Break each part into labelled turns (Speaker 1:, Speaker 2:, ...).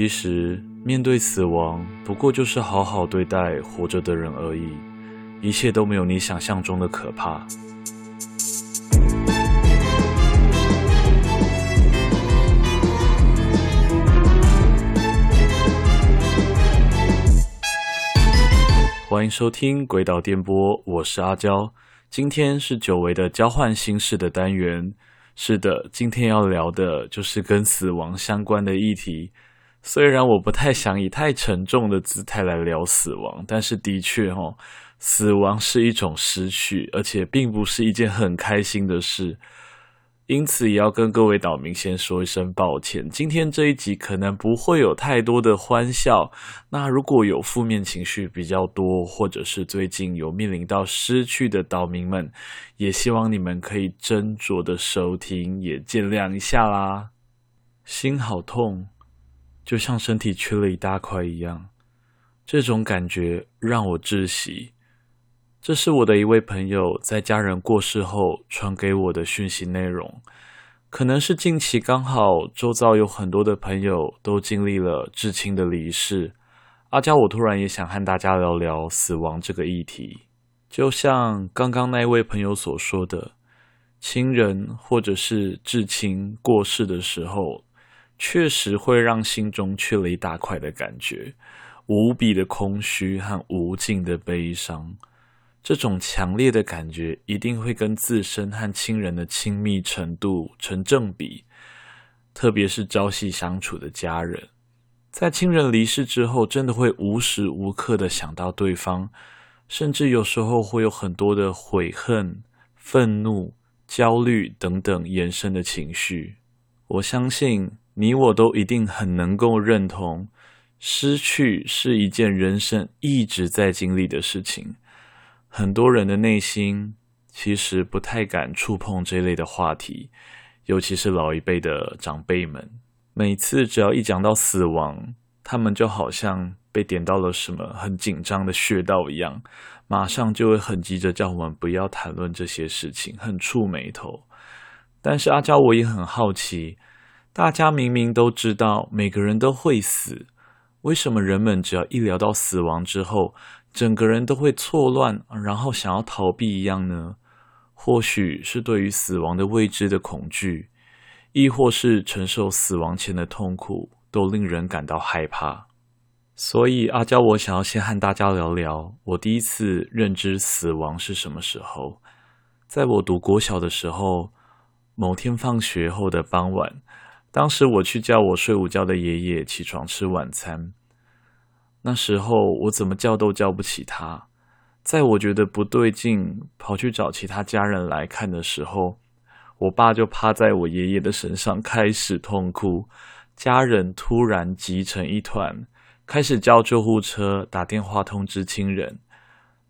Speaker 1: 其實，面對死亡，不過就是好好對待活着的人而已。一切都沒有你想象中的可怕。歡迎收聽《詭島電波》，我是阿交。今天是久違的交換心事的單元。是的，今天要聊的就是跟死亡相關的議題。雖然我不太想以太沉重的姿態來聊死亡，但是的確，哦，死亡是一種失去，而且並不是一件很開心的事。因此，也要跟各位島民先說一聲抱歉。今天這一集可能不會有太多的歡笑，那如果有負面情緒比較多，或者是最近有面臨到失去的島民們，也希望你們可以斟酌的收聽，也見諒一下啦。心好痛。就像身體缺了一大塊一樣，這種感覺讓我窒息。這是我的一位朋友在家人過世後傳給我的訊息內容。可能是近期剛好周遭有很多的朋友都經歷了至親的離世。阿交，我突然也想和大家聊聊死亡這個議題。就像剛剛那位朋友所說的，親人或者是至親過世的時候，確實會讓心中缺了一大塊的感覺，無比的空虛和無盡的悲傷。這種強烈的感覺一定會跟自身和親人的親密程度成正比，特別是朝夕相處的家人，在親人離世之後，真的會無時無刻的想到對方，甚至有時候會有很多的悔恨、憤怒、焦慮等等延伸的情緒。我相信。你我都一定很能夠認同，失去是一件人生一直在經歷的事情。很多人的內心其實不太敢觸碰這類的話題，尤其是老一輩的長輩們，每次只要一講到死亡，他們就好像被點到了什麼很緊張的穴道一樣，馬上就會很急着叫我們不要談論這些事情，很觸霉頭。但是阿交，我也很好奇。大家明明都知道每個人都會死，為什麼人們只要一聊到死亡之後，整個人都會錯亂，然後想要逃避一樣呢？或許是對於死亡的未知的恐懼，亦或是承受死亡前的痛苦，都令人感到害怕。所以阿交，我想要先和大家聊聊，我第一次認知死亡是什麼時候。在我讀國小的時候，某天放學後的傍晚。當時我去叫我睡午覺的爺爺起床吃晚餐，那時候我怎麼叫都叫不起他。在我覺得不對勁，跑去找其他家人來看的時候，我爸就趴在我爺爺的身上開始痛哭。家人突然急成一團，開始叫救護車，打電話通知親人。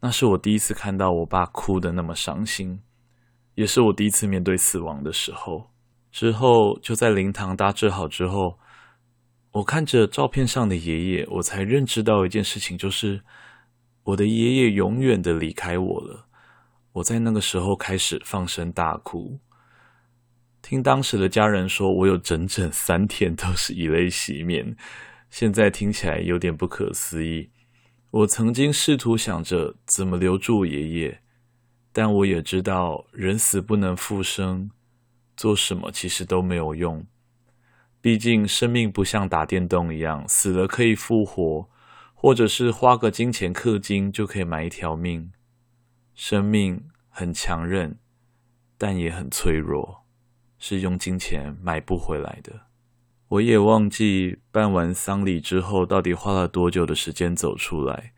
Speaker 1: 那是我第一次看到我爸哭得那麼傷心，也是我第一次面對死亡的時候。之後就在靈堂搭製好之後，我看着照片上的爺爺，我才認知到一件事情，就是我的爺爺永遠的離開我了。我在那個時候開始放聲大哭，聽當時的家人說，我有整整三天都是以淚洗面。現在聽起來有點不可思議。我曾經試圖想着怎麼留住爺爺，但我也知道人死不能復生。做什麼其實都沒有用，畢竟生命不像打電動一樣，死了可以復活，或者是花個金錢氪金就可以買一條命。生命很強韌，但也很脆弱，是用金錢買不回來的。我也忘記辦完喪禮之後到底花了多久的時間走出來，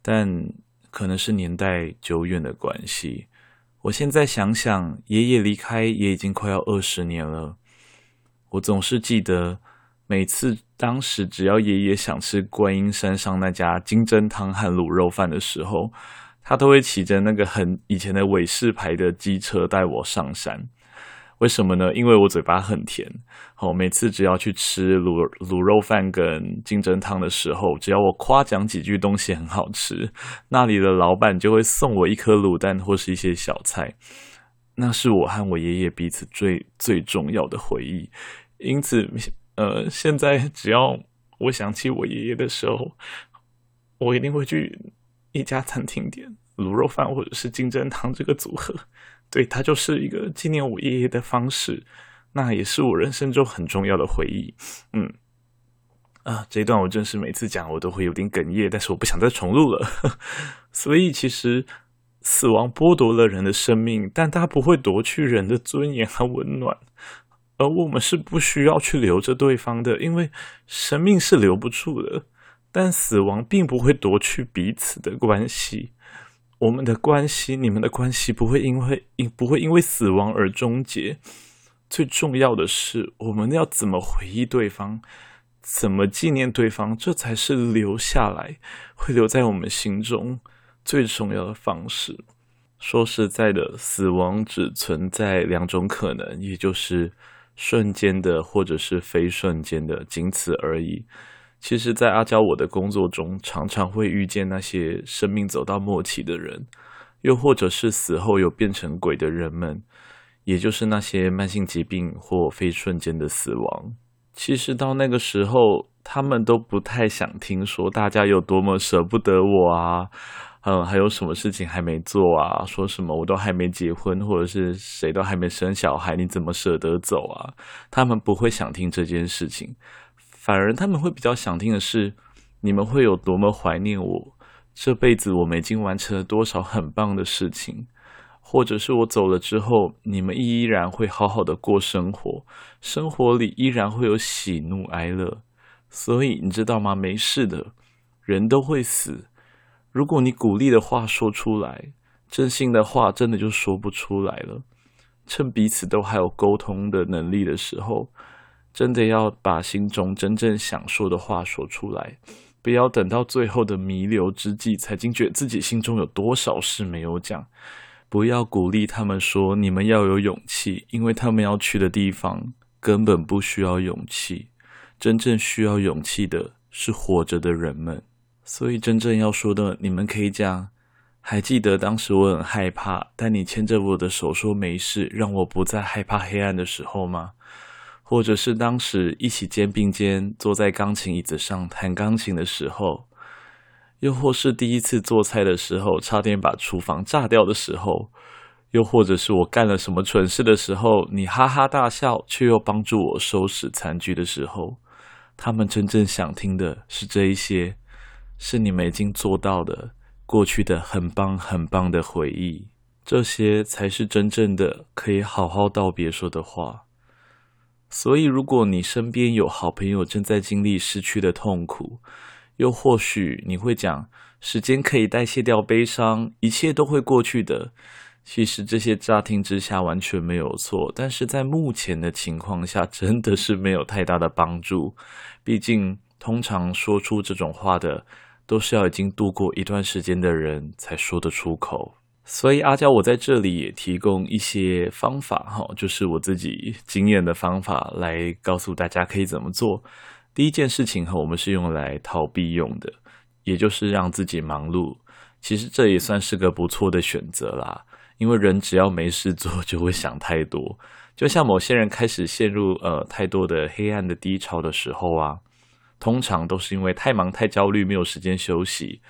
Speaker 1: 但可能是年代久遠的關係。我現在想想，爺爺離開也已經快要二十年了。我總是記得，每次當時只要爺爺想吃觀音山上那家金針湯和滷肉飯的時候，他都會騎着那個很以前的偉士牌的機車帶我上山。為什麼呢？因為我嘴巴很甜，好，每次只要去吃滷滷肉飯跟金針湯的時候，只要我誇獎幾句東西很好吃，那裡的老闆就會送我一顆滷蛋或是一些小菜。那是我和我爺爺彼此最最重要的回憶。因此，呃，現在只要我想起我爺爺的時候，我一定會去一家餐廳點滷肉飯或者是金針湯這個組合。對，它就是一個紀念我爺爺的方式，那也是我人生中很重要的回憶。嗯，啊，這一段我真是每次講我都會有點哽咽，但是我不想再重錄了。 所以，其實死亡剝奪了人的生命，但它不會奪去人的尊嚴和溫暖。而我們是不需要去留着對方的，因為生命是留不住的，但死亡並不會奪去彼此的關係。我們的關係，你們的關係不會因為因不會因為死亡而終結。最重要的是，我們要怎麼回憶對方，怎麼紀念對方，這才是留下來，會留在我們心中最重要的方式。說實在的，死亡只存在兩種可能，也就是瞬間的或者是非瞬間的，僅此而已。其實，在阿交我的工作中，常常會遇見那些生命走到末期的人，又或者是死後又變成鬼的人們，也就是那些慢性疾病或非瞬間的死亡。其實到那個時候，他們都不太想聽說大家有多麼捨不得我啊，嗯，還有什麼事情還沒做啊？說什麼我都還沒結婚，或者是誰都還沒生小孩，你怎麼捨得走啊？他們不會想聽這件事情。反而他們會比較想聽的是，你們會有多麼懷念我，這輩子我們已經完成了多少很棒的事情，或者是我走了之後，你們依依然會好好的過生活，生活裡依然會有喜怒哀樂。所以你知道嗎？沒事的，人都會死。如果你鼓勵的話說出來，真心的話真的就說不出來了。趁彼此都還有溝通的能力的時候。真的要把心中真正想說的話說出來，不要等到最後的彌留之際才驚覺自己心中有多少事沒有講。不要鼓勵他們說你們要有勇氣，因為他們要去的地方根本不需要勇氣。真正需要勇氣的是活着的人們。所以真正要說的，你們可以講，還記得當時我很害怕，但你牽着我的手說沒事，讓我不再害怕黑暗的時候嗎？或者是當時一起肩並肩坐在鋼琴椅子上彈鋼琴的時候，又或是第一次做菜的時候差點把廚房炸掉的時候，又或者是我幹了什麼蠢事的時候，你哈哈大笑卻又幫助我收拾殘局的時候，他們真正想聽的是這一些，是你們已經做到的過去的很棒很棒的回憶，這些才是真正的可以好好道別說的話。所以，如果你身邊有好朋友正在經歷失去的痛苦，又或許你會講“時間可以代謝掉悲傷，一切都會過去的”。其實這些乍聽之下完全沒有錯，但是在目前的情況下，真的是沒有太大的幫助。畢竟，通常說出這種話的，都是要已經度過一段時間的人才說得出口。所以阿交，我在這裡也提供一些方法哈，就是我自己經驗的方法來告訴大家可以怎麼做。第一件事情哈，我們是用來逃避用的，也就是讓自己忙碌。其實這也算是個不錯的選擇啦，因為人只要沒事做就會想太多。就像某些人開始陷入，呃，太多的黑暗的低潮的時候啊，通常都是因為太忙太焦慮，沒有時間休息。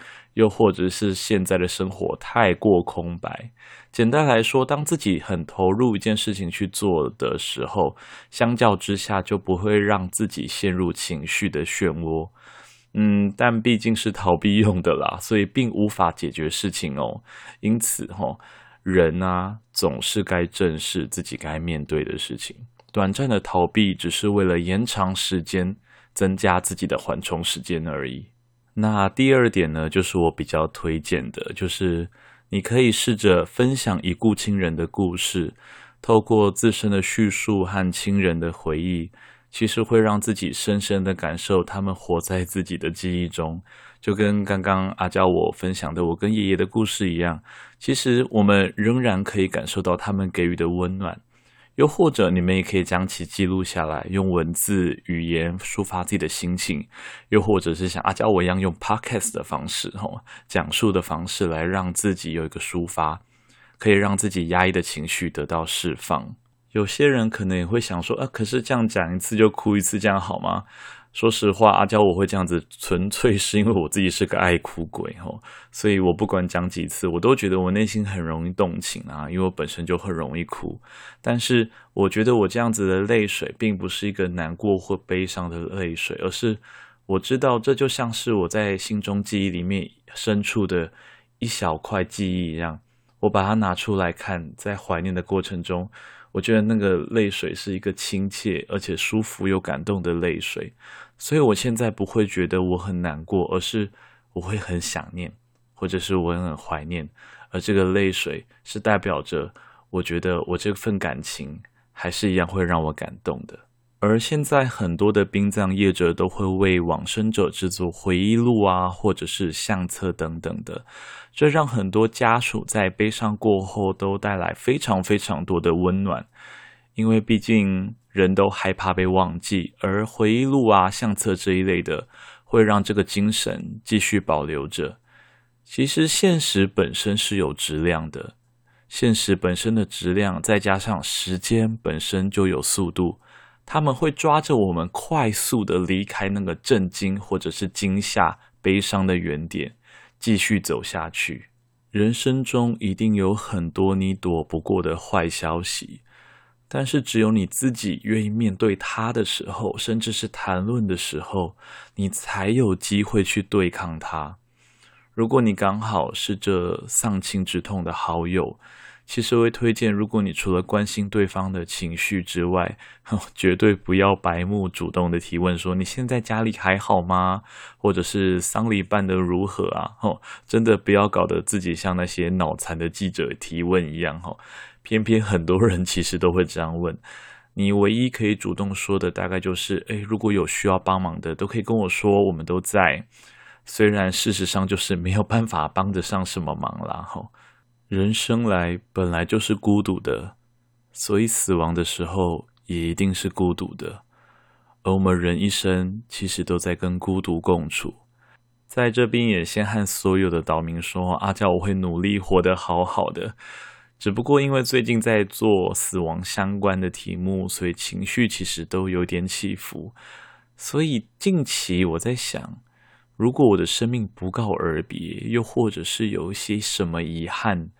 Speaker 1: 又或者是現在的生活太過空白。簡單來說，當自己很投入一件事情去做的時候，相較之下就不會讓自己陷入情緒的漩渦。嗯，但畢竟是逃避用的啦，所以並無法解決事情哦。因此，吼，人啊，總是該正視自己該面對的事情。短暫的逃避只是為了延長時間，增加自己的緩衝時間而已。那第二點呢，就是我比較推薦的，就是你可以試着分享已故親人的故事，透過自身的敘述和親人的回憶，其實會讓自己深深地感受他們活在自己的記憶中，就跟剛剛阿交我分享的我跟爺爺的故事一樣，其實我們仍然可以感受到他們給予的溫暖。又或者你們也可以將其記錄下來，用文字語言抒發自己的心情；又或者是像阿交我一樣，用 Podcast 的方式，吼講述的方式，來讓自己有一個抒發，可以讓自己壓抑的情緒得到釋放。有些人可能也會想說啊，可是這樣講一次就哭一次，這樣好嗎？說實話，阿交，我會這樣子，純粹是因為我自己是個愛哭鬼吼、哦，所以我不管講幾次，我都覺得我內心很容易動情啊，因為我本身就很容易哭。但是，我覺得我這樣子的淚水，並不是一個難過或悲傷的淚水，而是我知道這就像是我在心中記憶裡面深處的一小塊記憶一樣，我把它拿出來看，在懷念的過程中。我覺得那個淚水是一個親切而且舒服又感動的淚水，所以我現在不會覺得我很難過，而是我會很想念，或者是我很懷念，而這個淚水是代表着，我覺得我這份感情還是一樣會讓我感動的。而現在，很多的殯葬業者都會為往生者制作回憶錄啊，或者是相冊等等的，這讓很多家屬在悲傷過後都帶來非常非常多的溫暖，因為畢竟人都害怕被忘記，而回憶錄啊、相冊這一類的，會讓這個精神繼續保留着。其實，現實本身是有質量的，現實本身的質量再加上時間本身就有速度。他們會抓着我們，快速地離開那個震驚或者是驚嚇、悲傷的原點，繼續走下去。人生中一定有很多你躲不過的壞消息，但是只有你自己願意面對它的時候，甚至是談論的時候，你才有機會去對抗它。如果你剛好是這喪親之痛的好友。其實我會推薦，如果你除了關心對方的情緒之外，哦、絕對不要白目主動的提問說，說你現在家裡還好嗎？或者是喪禮辦得如何啊？吼、哦，真的不要搞得自己像那些腦殘的記者提問一樣。吼、哦，偏偏很多人其實都會這樣問。你唯一可以主動說的，大概就是，誒如果有需要幫忙的，都可以跟我說，我們都在。雖然事實上就是沒有辦法幫得上什麼忙啦。吼、哦。人生來本來就是孤獨的，所以死亡的時候也一定是孤獨的。而我們人一生其實都在跟孤獨共處。在這邊也先和所有的島民說，阿交我會努力活得好好的。只不過因為最近在做死亡相關的題目，所以情緒其實都有點起伏。所以近期我在想，如果我的生命不告而別，又或者是有一些什麼遺憾。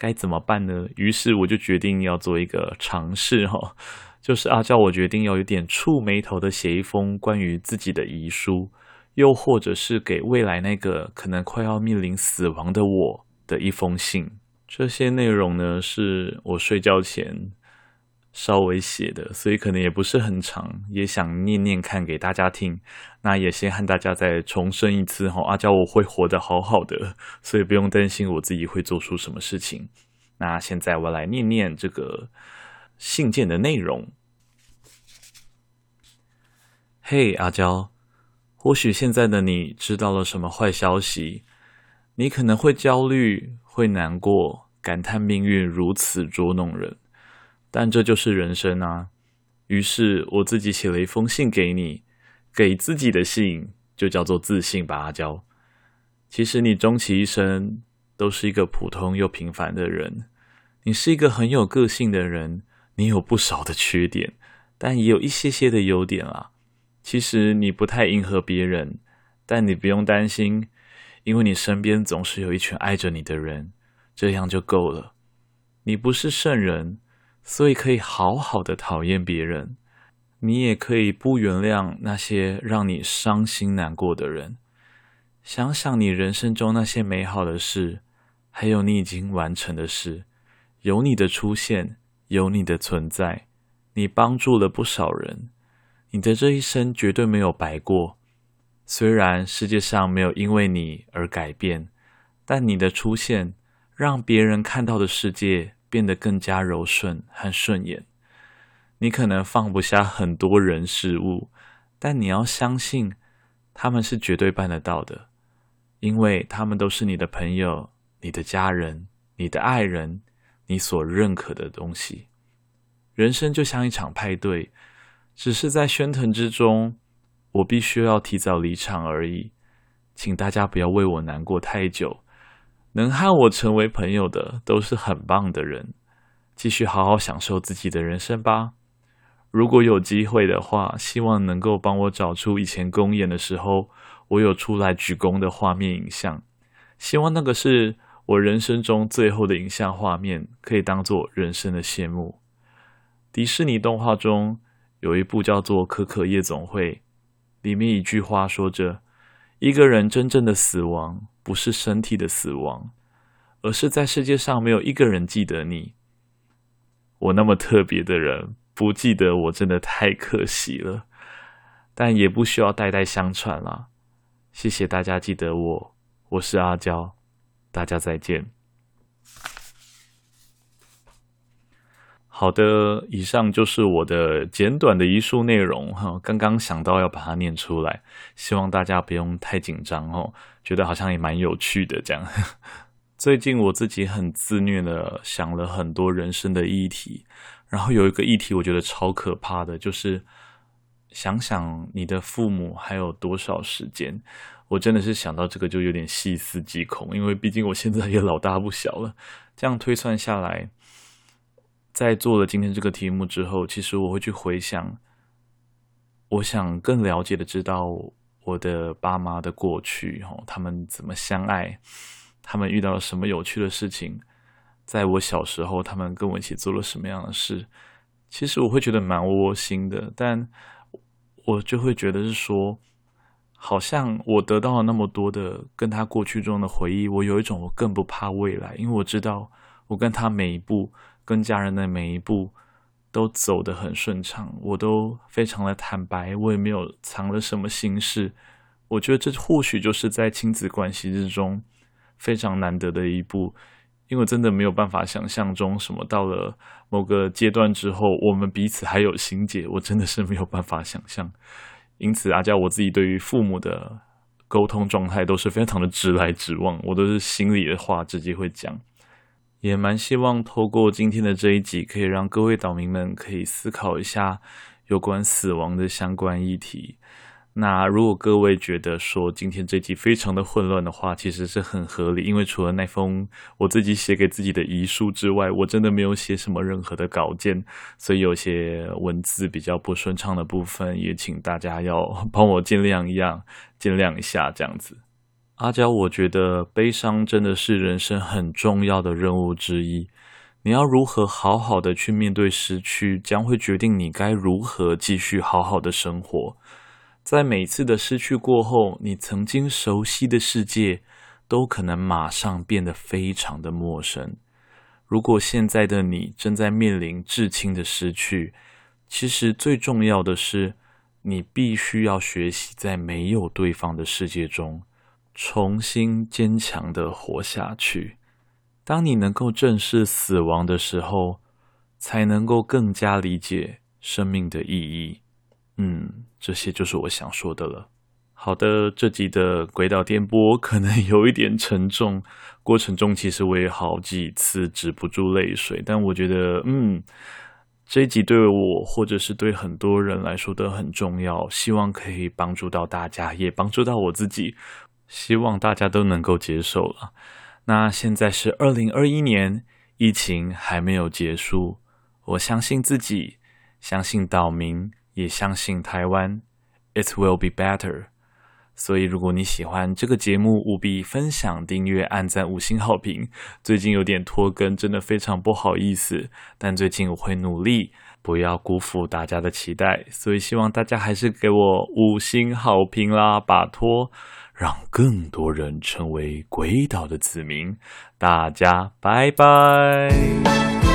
Speaker 1: 該怎麼辦呢？於是我就決定要做一個嘗試哈、哦，就是阿交，我決定要有點觸霉頭的寫一封關於自己的遺書，又或者是給未來那個可能快要面臨死亡的我的一封信。這些內容呢，是我睡覺前。稍微寫的，所以可能也不是很長，也想念念看給大家聽。那也先和大家再重申一次哈，阿嬌我會活得好好的，所以不用擔心我自己會做出什麼事情。那現在我來念念這個信件的內容。嘿，阿嬌，或許現在的你知道了什麼壞消息，你可能會焦慮、會難過，感嘆命運如此捉弄人。但這就是人生啊！於是我自己寫了一封信給你，給自己的信就叫做自信吧，阿交。其實你終其一生都是一個普通又平凡的人。你是一個很有個性的人，你有不少的缺點，但也有一些些的優點啊。其實你不太迎合別人，但你不用擔心，因為你身邊總是有一群愛着你的人，這樣就夠了。你不是聖人。所以可以好好的討厭別人，你也可以不原諒那些讓你傷心難過的人。想想你人生中那些美好的事，還有你已經完成的事，有你的出現，有你的存在，你幫助了不少人，你的這一生絕對沒有白過。雖然世界上沒有因為你而改變，但你的出現讓別人看到的世界。變得更加柔順和順眼。你可能放不下很多人事物，但你要相信，他們是絕對辦得到的，因為他們都是你的朋友、你的家人、你的愛人、你所認可的東西。人生就像一場派對，只是在喧騰之中，我必須要提早離場而已。請大家不要為我難過太久。能和我成為朋友的都是很棒的人，繼續好好享受自己的人生吧。如果有機會的話，希望能夠幫我找出以前公演的時候我有出來鞠躬的畫面影像。希望那個是我人生中最後的影像畫面，可以當作人生的謝幕。迪士尼動畫中有一部叫做《可可夜總會》，裡面一句話說着，一個人真正的死亡，不是身體的死亡，而是在世界上沒有一個人記得你。我那麼特別的人，不記得我真的太可惜了，但也不需要代代相傳啦。謝謝大家記得我，我是阿交，大家再見。好的，以上就是我的簡短的遺書內容哈。剛剛想到要把它念出來，希望大家不用太緊張哦。覺得好像也蠻有趣的這樣。 最近我自己很自虐的想了很多人生的議題，然後有一個議題我覺得超可怕的，就是想想你的父母還有多少時間。我真的是想到這個就有點細思極恐，因為畢竟我現在也老大不小了，這樣推算下來。在做了今天這個題目之後，其實我會去回想，我想更了解的知道我的爸媽的過去，他們怎麼相愛，他們遇到了什麼有趣的事情，在我小時候，他們跟我一起做了什麼樣的事，其實我會覺得蠻窩心的，但我就會覺得是說，好像我得到了那麼多的跟他過去中的回憶，我有一種我更不怕未來，因為我知道我跟他每一步。跟家人的每一步都走得很順暢，我都非常的坦白，我也沒有藏着什麼心事。我覺得這或許就是在親子關係之中非常難得的一步，因為我真的沒有辦法想象中什麼到了某個階段之後，我們彼此還有心結，我真的是沒有辦法想象。因此，啊，阿交我自己對於父母的溝通狀態都是非常的直來直往，我都是心裡的話直接會講。也蠻希望透過今天的這一集，可以讓各位島民們可以思考一下有關死亡的相關議題。那如果各位覺得說今天這集非常的混亂的話，其實是很合理，因為除了那封我自己寫給自己的遺書之外，我真的沒有寫什麼任何的稿件，所以有些文字比較不順暢的部分，也請大家要幫我見諒一樣，見諒一下這樣子。阿交，我覺得悲傷真的是人生很重要的任務之一。你要如何好好的去面對失去，將會決定你該如何繼續好好的生活。在每次的失去過後，你曾經熟悉的世界都可能馬上變得非常的陌生。如果現在的你正在面臨至親的失去，其實最重要的是，你必須要學習在沒有對方的世界中。重新堅強地活下去。當你能夠正視死亡的時候，才能夠更加理解生命的意義。嗯，這些就是我想說的了。好的，這集的《詭島電波》可能有一點沉重，過程中其實我也好幾次止不住淚水，但我覺得，嗯，這一集對我，或者是對很多人來說都很重要。希望可以幫助到大家，也幫助到我自己。希望大家都能夠接受了。那現在是二零二一年，疫情還沒有結束。我相信自己，相信島民，也相信台灣。It will be better。所以如果你喜歡這個節目，務必分享、訂閱、按讚、五星好評。最近有點拖更，真的非常不好意思，但最近我會努力，不要辜負大家的期待。所以希望大家還是給我五星好評啦，拜托。讓更多人成為詭島的子民，大家拜拜。